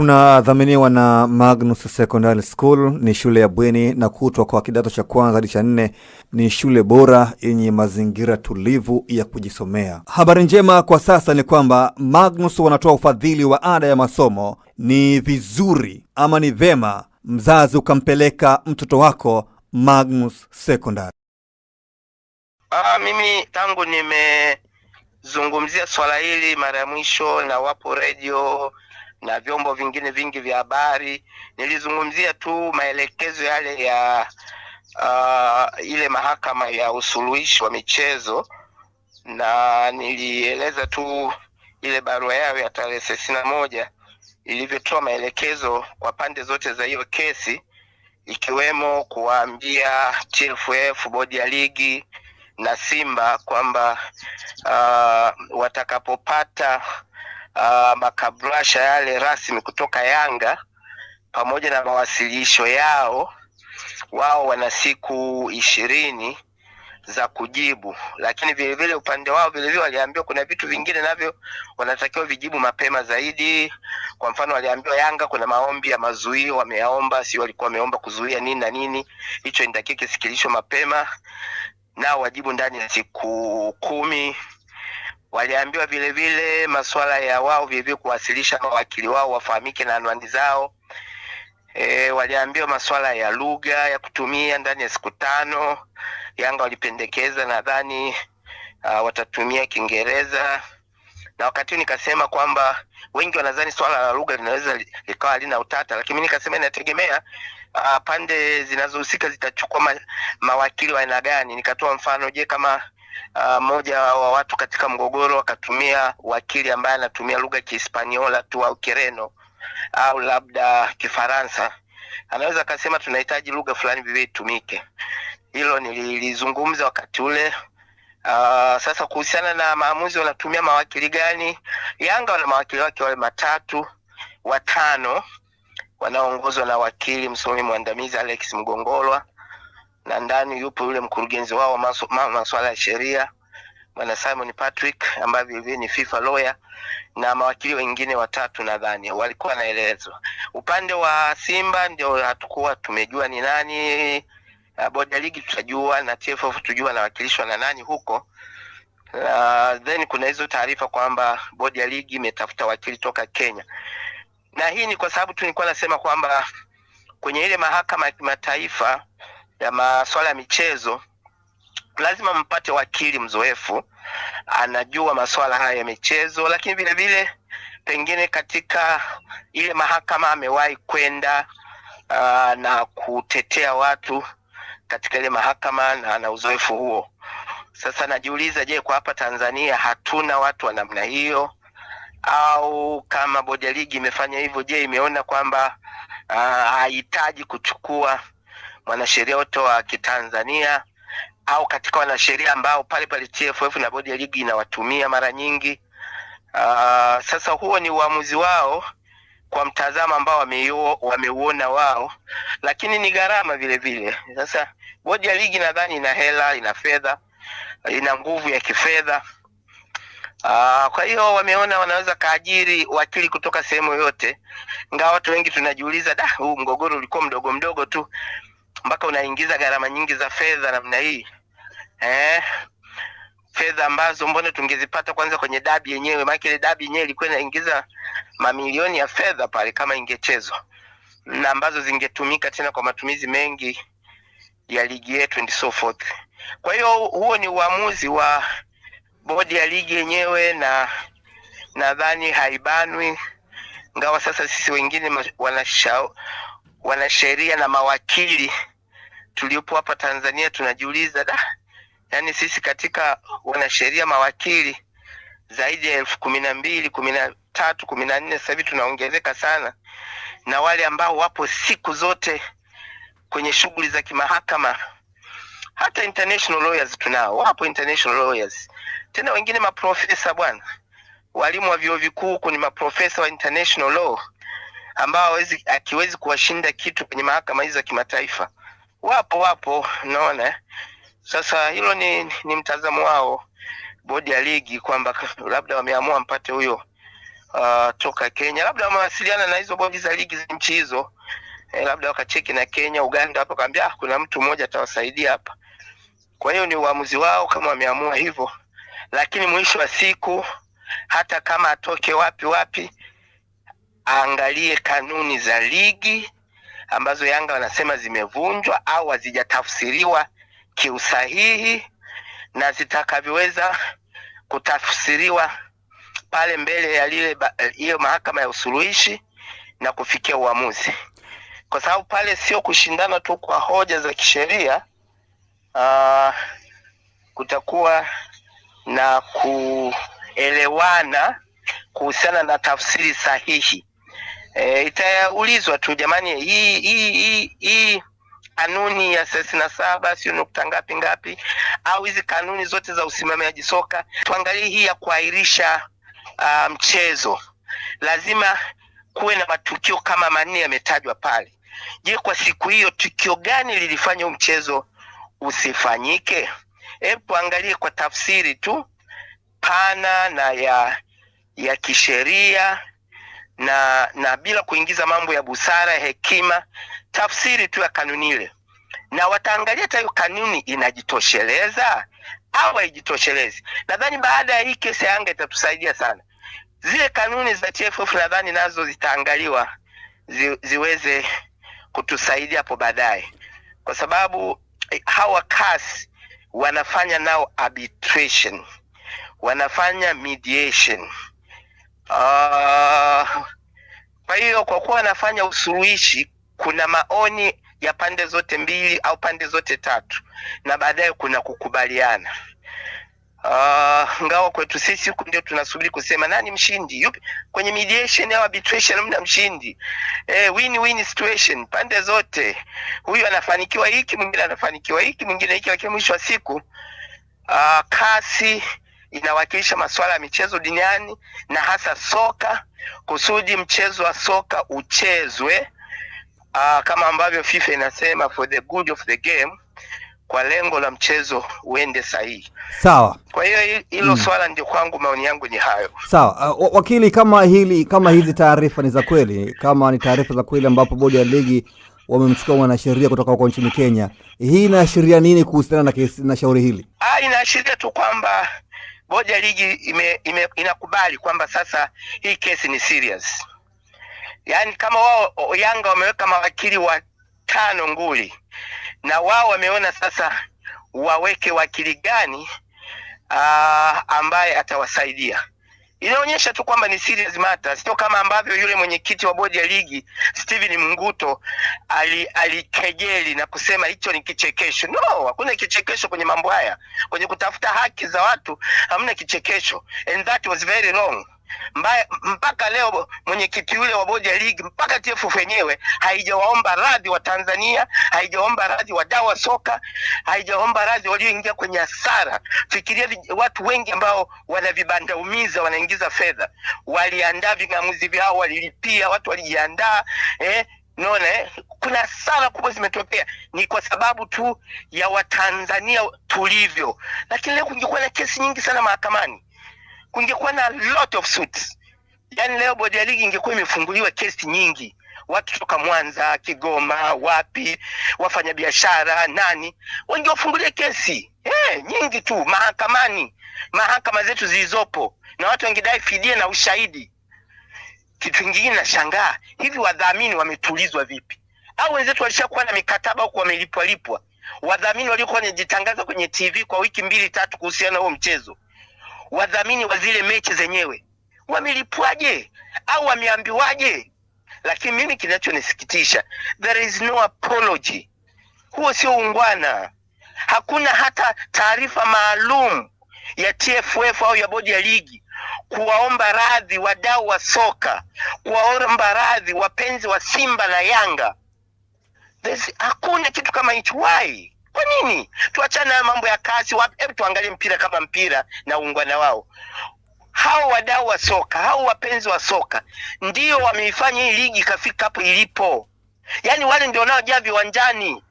Tunadhaminiwa na Magnus Secondary School. Ni shule ya bweni na kutwa kwa kidato cha kwanza hadi cha nne. Ni shule bora yenye mazingira tulivu ya kujisomea. Habari njema kwa sasa ni kwamba Magnus wanatoa ufadhili wa ada ya masomo. Ni vizuri ama ni vema mzazi ukampeleka mtoto wako Magnus Secondary. Ah, mimi tangu nimezungumzia swala hili mara ya mwisho na wapo redio na vyombo vingine vingi vya habari. Nilizungumzia tu maelekezo yale ya uh, ile mahakama ya usuluhishi wa michezo, na nilieleza tu ile barua yao ya tarehe thelathini na moja ilivyotoa maelekezo kwa pande zote za hiyo kesi, ikiwemo kuwaambia TFF, bodi ya ligi na Simba kwamba uh, watakapopata uh, makabrasha yale rasmi kutoka Yanga pamoja na mawasilisho yao, wao wana siku ishirini za kujibu, lakini vile vile upande wao vile vile waliambiwa kuna vitu vingine navyo wanatakiwa vijibu mapema zaidi. Kwa mfano, waliambiwa Yanga kuna maombi ya mazuio wameyaomba, si walikuwa wameomba kuzuia nini na nini, hicho inatakiwa kisikilishwe mapema, nao wajibu ndani ya siku kumi Waliambiwa vilevile masuala ya wao vile kuwasilisha mawakili wao wafahamike na anwani zao. E, waliambiwa masuala ya lugha ya kutumia ndani ya siku tano. Yanga walipendekeza nadhani uh, watatumia Kiingereza na wakati nikasema kwamba wengi wanadhani swala la lugha linaweza likawa lina utata, lakini nikasema inategemea uh, pande zinazohusika zitachukua ma, mawakili wa aina gani. Nikatoa mfano, je, kama Ah, mmoja wa watu katika mgogoro wakatumia wakili ambaye anatumia lugha ya Kihispaniola tu au Kireno au labda Kifaransa, anaweza akasema tunahitaji lugha fulani vivyo itumike. Hilo nilizungumza wakati ule. Uh, sasa kuhusiana na maamuzi, wanatumia mawakili gani? Yanga wana mawakili wake wale matatu watano wanaoongozwa na wakili msomi mwandamizi Alex Mgongolwa na ndani yupo yule mkurugenzi wao masu, ma, ya sheria bwana Simon Patrick ambaye vilevile ni FIFA lawyer na mawakili wengine watatu nadhani walikuwa wanaelezwa. Upande wa Simba ndio hatukuwa tumejua ni nani, bodi ligi tutajua na TFF tujua anawakilishwa na nani huko. Uh, then kuna hizo taarifa kwamba bodi ya ligi imetafuta wakili toka Kenya, na hii ni kwa sababu tu nilikuwa nasema kwamba kwenye ile mahakama ya kimataifa ya masuala ya michezo lazima mpate wakili mzoefu, anajua masuala haya ya michezo, lakini vile vile pengine katika ile mahakama amewahi kwenda uh, na kutetea watu katika ile mahakama na ana uzoefu huo. Sasa najiuliza, je, kwa hapa Tanzania hatuna watu wa namna hiyo? Au kama bodi ya ligi imefanya hivyo, je, imeona kwamba ah, hahitaji uh, kuchukua wanasheria wote wa Kitanzania au katika wanasheria ambao pale pale TFF na bodi ya ligi inawatumia mara nyingi. Uh, sasa huo ni uamuzi wao kwa mtazamo ambao wameuona wao, lakini ni gharama vile vile. Sasa bodi ya ligi nadhani ina hela, ina fedha, ina nguvu ya kifedha. Aa, ah, kwa hiyo wameona wanaweza kaajiri wakili kutoka sehemu yote ingawa watu wengi tunajiuliza da, huu mgogoro ulikuwa mdogo mdogo tu mpaka unaingiza gharama nyingi za fedha namna hii eh, fedha ambazo mbona tungezipata kwanza kwenye dabi yenyewe, maana ile dabi yenyewe ilikuwa inaingiza mamilioni ya fedha pale kama ingechezwa, na ambazo zingetumika tena kwa matumizi mengi ya ligi yetu and so forth. Kwa hiyo huo ni uamuzi wa bodi ya ligi yenyewe, na nadhani haibanwi, ingawa sasa sisi wengine wanasheria na mawakili tuliopo hapa Tanzania tunajiuliza da, yani sisi katika wanasheria mawakili zaidi ya elfu kumi na mbili kumi na tatu kumi na nne sasa hivi tunaongezeka sana, na wale ambao wapo siku zote kwenye shughuli za kimahakama, hata international lawyers tunao, wapo international lawyers tena, wengine maprofesa bwana, walimu wa vyuo vikuu kuni maprofesa wa international law ambao akiwezi kuwashinda kitu kwenye mahakama hizo za kimataifa. Wapo wapo, naona sasa hilo ni, ni mtazamo wao bodi ya ligi kwamba labda wameamua mpate huyo uh, toka Kenya, labda wamewasiliana na hizo bodi za ligi za nchi hizo eh, labda wakacheki na Kenya, Uganda hapo, kaambia ah, kuna mtu mmoja atawasaidia hapa. Kwa hiyo ni uamuzi wao kama wameamua hivyo, lakini mwisho wa siku hata kama atoke wapi wapi, aangalie kanuni za ligi ambazo Yanga wanasema zimevunjwa au hazijatafsiriwa kiusahihi na zitakavyoweza kutafsiriwa pale mbele ya lile hiyo mahakama ya usuluhishi na kufikia uamuzi, kwa sababu pale sio kushindana tu kwa hoja za kisheria. Uh, kutakuwa na kuelewana kuhusiana na tafsiri sahihi e, itaulizwa tu jamani, hii hii hii hii kanuni ya thelathini na saba sio nukta ngapi ngapi, au hizi kanuni zote za usimamiaji soka, tuangalie hii ya kuahirisha mchezo. lazima kuwe na matukio kama manne yametajwa pale. Je, kwa siku hiyo tukio gani lilifanya huu mchezo usifanyike? Hebu tuangalie kwa tafsiri tu pana na ya ya kisheria na na bila kuingiza mambo ya busara, hekima, tafsiri tu ya kanuni ile, na wataangalia hata hiyo kanuni inajitosheleza au haijitoshelezi. Nadhani baada ya hii kesi ya Yanga itatusaidia sana. Zile kanuni za TFF nadhani nazo zitaangaliwa zi, ziweze kutusaidia hapo baadaye, kwa sababu eh, hawa CAS wanafanya nao arbitration, wanafanya mediation Ah, kwa hiyo kwa kuwa anafanya usuluhishi, kuna maoni ya pande zote mbili au pande zote tatu, na baadaye kuna kukubaliana uh, ah, ngawa kwetu sisi huku ndio tunasubiri kusema nani mshindi yupi kwenye mediation au arbitration, mna mshindi eh, win win situation, pande zote, huyu anafanikiwa hiki, mwingine anafanikiwa hiki, mwingine hiki, lakini mwisho wa siku uh, kasi inawakilisha masuala ya michezo duniani na hasa soka, kusudi mchezo wa soka uchezwe uh, kama ambavyo FIFA inasema for the good of the game, kwa lengo la mchezo uende sahihi. Sawa. Kwa hiyo hilo mm, swala ndio kwangu, maoni yangu ni hayo. Sawa. Uh, wakili, kama hili kama hizi taarifa ni za kweli, kama ni taarifa za kweli ambapo bodi ya ligi wamemchukua mwanasheria kutoka huko nchini Kenya, hii inaashiria nini kuhusiana na, na shauri hili? Ah, inaashiria tu kwamba moja ligi ime, ime, inakubali kwamba sasa hii kesi ni serious. Yaani kama wao Yanga wameweka mawakili watano nguli, na wao wameona sasa waweke wakili gani aa, ambaye atawasaidia inaonyesha tu kwamba ni serious matter, sio kama ambavyo yule mwenyekiti wa bodi ya ligi Steven Mnguto alikejeli ali na kusema hicho ni kichekesho. No, hakuna kichekesho kwenye mambo haya, kwenye kutafuta haki za watu hamna kichekesho, and that was very wrong. Mbaya, mpaka leo mwenyekiti yule wa bodi ya ligi mpaka TFF wenyewe haijawaomba radhi wa Tanzania, haijaomba radhi wadau wa soka, haijaomba radhi walioingia kwenye hasara. Fikiria watu wengi ambao wana vibanda umiza wanaingiza fedha, waliandaa ving'amuzi vyao, walilipia, watu walijiandaa eh, naona eh, kuna hasara kubwa zimetokea, ni kwa sababu tu ya Watanzania tulivyo, lakini leo kungekuwa na kesi nyingi sana mahakamani kungekuwa na lot of suits. Yani leo bodi ya ligi ingekuwa imefunguliwa kesi nyingi, watu toka Mwanza, Kigoma, wapi, wafanyabiashara, nani, wangewafungulia kesi hey, eh, nyingi tu mahakamani, mahakama zetu zilizopo, na watu wangedai fidia na ushahidi. Kitu kingine nashangaa, hivi wadhamini wametulizwa vipi? Au wenzetu walishakuwa na mikataba huku lipwa, Wadhamini waliokuwa wanajitangaza kwenye TV kwa wiki mbili tatu kuhusiana na huo mchezo wadhamini wa zile mechi zenyewe wamelipwaje au wameambiwaje? Lakini mimi kinachonisikitisha, there is no apology. Huo sio ungwana. Hakuna hata taarifa maalum ya TFF au ya bodi ya ligi kuwaomba radhi wadau wa soka, kuwaomba radhi wapenzi wa Simba na Yanga. There's, hakuna kitu kama hicho. Why? Kwa nini tuachane na mambo ya kasi? Hebu tuangalie mpira kama mpira na uungwana wao. Hao wadau wa soka, hao wapenzi wa soka ndio wameifanya hii ligi ikafika hapo ilipo. Yaani wale ndio wanaojaa viwanjani,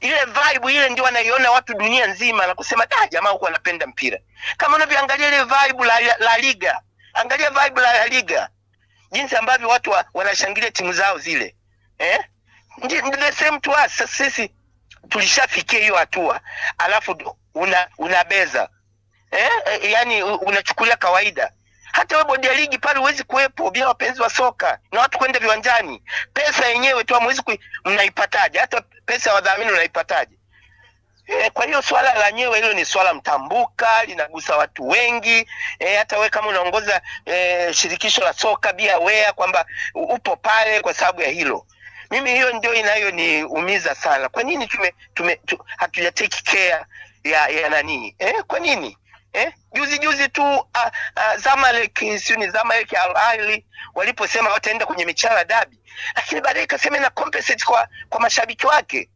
ile vibe ile ndio wanaiona watu dunia nzima na kusema da, ah, jamaa huko anapenda mpira. Kama unavyoangalia ile vibe la, la Liga, angalia vibe la, la Liga jinsi ambavyo watu wa, wanashangilia timu zao zile eh? the same to us sisi tulishafikia hiyo hatua, alafu una, unabeza eh? eh yani unachukulia kawaida. Hata wewe bodi ya ligi pale huwezi kuwepo bila wapenzi wa soka na watu kwenda viwanjani. Pesa yenyewe tu hamwezi ku, mnaipataje? Hata pesa ya wadhamini unaipataje? E, kwa hiyo swala nyewe hilo ni swala mtambuka, linagusa watu wengi e, hata we kama unaongoza e, shirikisho la soka bia wea kwamba upo pale kwa sababu ya hilo. Mimi hiyo ndio inayoniumiza sana. Kwa nini tume, tume tu, hatuja take care ya, ya nani eh? Kwa nini eh? Juzi juzi tu uh, ah, Zamalek sio ni Zamalek Al Ahly waliposema wataenda kwenye michala dabi, lakini baadaye ikasema ina compensate kwa, kwa mashabiki wake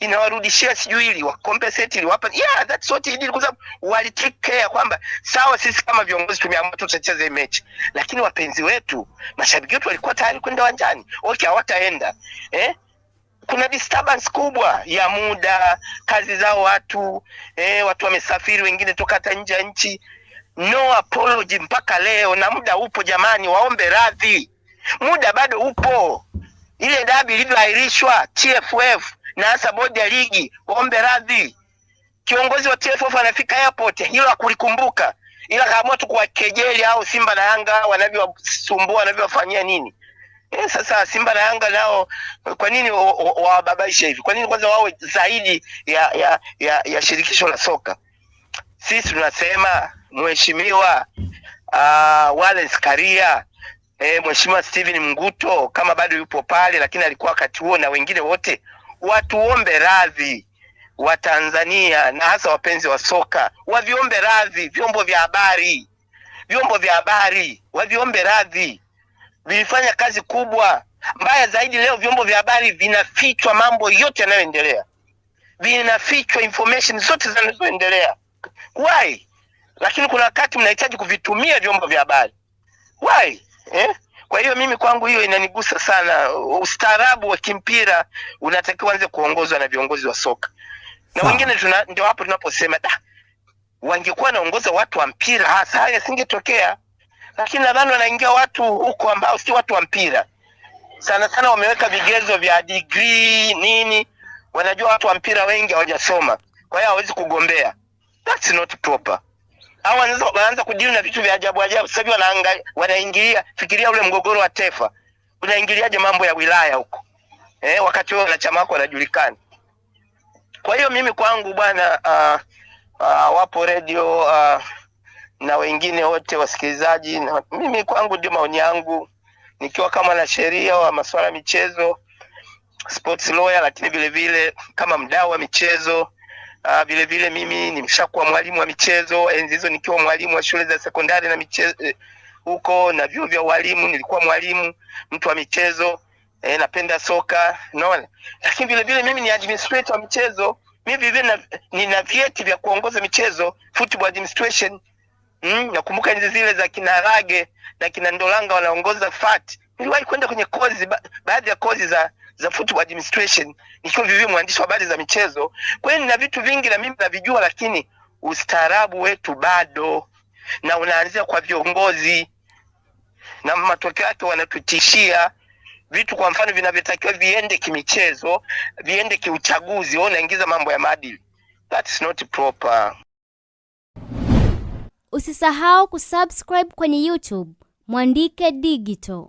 inawarudishia sijui ili wa compensate ili wapa yeah, that's what he did, kwa sababu wali take care kwamba sawa, sisi kama viongozi tumeamua tutacheza hii mechi, lakini wapenzi wetu, mashabiki wetu walikuwa tayari kwenda uwanjani. Okay, hawataenda eh kuna disturbance kubwa ya muda, kazi zao watu eh, watu wamesafiri wengine toka hata nje ya nchi. No apology mpaka leo, na muda upo jamani, waombe radhi, muda bado upo. Ile dabi ilivyoahirishwa TFF na hasa bodi ya ligi waombe radhi. Kiongozi wa TFF anafika airport, hilo hakulikumbuka, ila kaamua tu kuwakejeli au Simba na Yanga wanavyowasumbua wanavyowafanyia nini. E, sasa Simba na Yanga nao kwa nini wawababaisha hivi? Kwa nini kwanza wawe zaidi ya ya, ya, ya shirikisho la soka? Sisi tunasema mheshimiwa uh, Wallace Karia e, mheshimiwa Steven Mnguto kama bado yupo pale, lakini alikuwa wakati huo na wengine wote watuombe radhi wa tanzania na hasa wapenzi wa soka waviombe radhi vyombo vya habari, vyombo vya habari waviombe radhi, vilifanya kazi kubwa. Mbaya zaidi, leo vyombo vya habari vinafichwa mambo yote yanayoendelea, vinafichwa information zote zinazoendelea why, lakini kuna wakati mnahitaji kuvitumia vyombo vya habari why eh? Kwa hiyo mimi kwangu hiyo inanigusa sana. Ustaarabu wa kimpira unatakiwa anze kuongozwa na viongozi wa soka na wengine, ndio hapo tunaposema da, wangekuwa wanaongoza watu wa mpira hasa haya singetokea, lakini nadhani wanaingia watu huko ambao si watu wa mpira sana sana, wameweka vigezo vya degree nini. Wanajua watu wa mpira wengi hawajasoma, kwa hiyo hawezi kugombea. That's not proper hawa wanaanza kudili na vitu vya ajabu ajabu. Sasa hivi wanaingilia, fikiria ule mgogoro wa tefa unaingiliaje mambo ya wilaya huko eh, wakati wao wanachama wako wanajulikana. Kwa hiyo mimi kwangu bwana uh, uh, wapo redio uh, na wengine wote wasikilizaji, na mimi kwangu ndio maoni yangu nikiwa kama na sheria wa masuala ya michezo sports lawyer, lakini vile vile kama mdau wa michezo Ah, vile vile mimi nimeshakuwa mwalimu wa michezo, enzi hizo nikiwa mwalimu wa shule za sekondari na michezo eh, huko eh, na vyuo vya walimu nilikuwa mwalimu mtu wa michezo eh, napenda soka unaona. Lakini vile vile mimi ni administrator wa michezo, mimi vile vile nina vyeti vya kuongoza michezo football administration. Mm, nakumbuka enzi zile za kina Rage na kina Ndolanga wanaongoza FAT. Niliwahi kwenda kwenye kozi ba, baadhi ya kozi za za football administration, nikiwa vivi mwandishi wa habari za michezo. Kwa hiyo nina vitu vingi na mimi navijua, lakini ustaarabu wetu bado, na unaanzia kwa viongozi, na matokeo yake wanatutishia vitu kwa mfano vinavyotakiwa viende kimichezo, viende kiuchaguzi, wao unaingiza mambo ya maadili. That's not proper. Usisahau kusubscribe kwenye YouTube Mwandike Digital.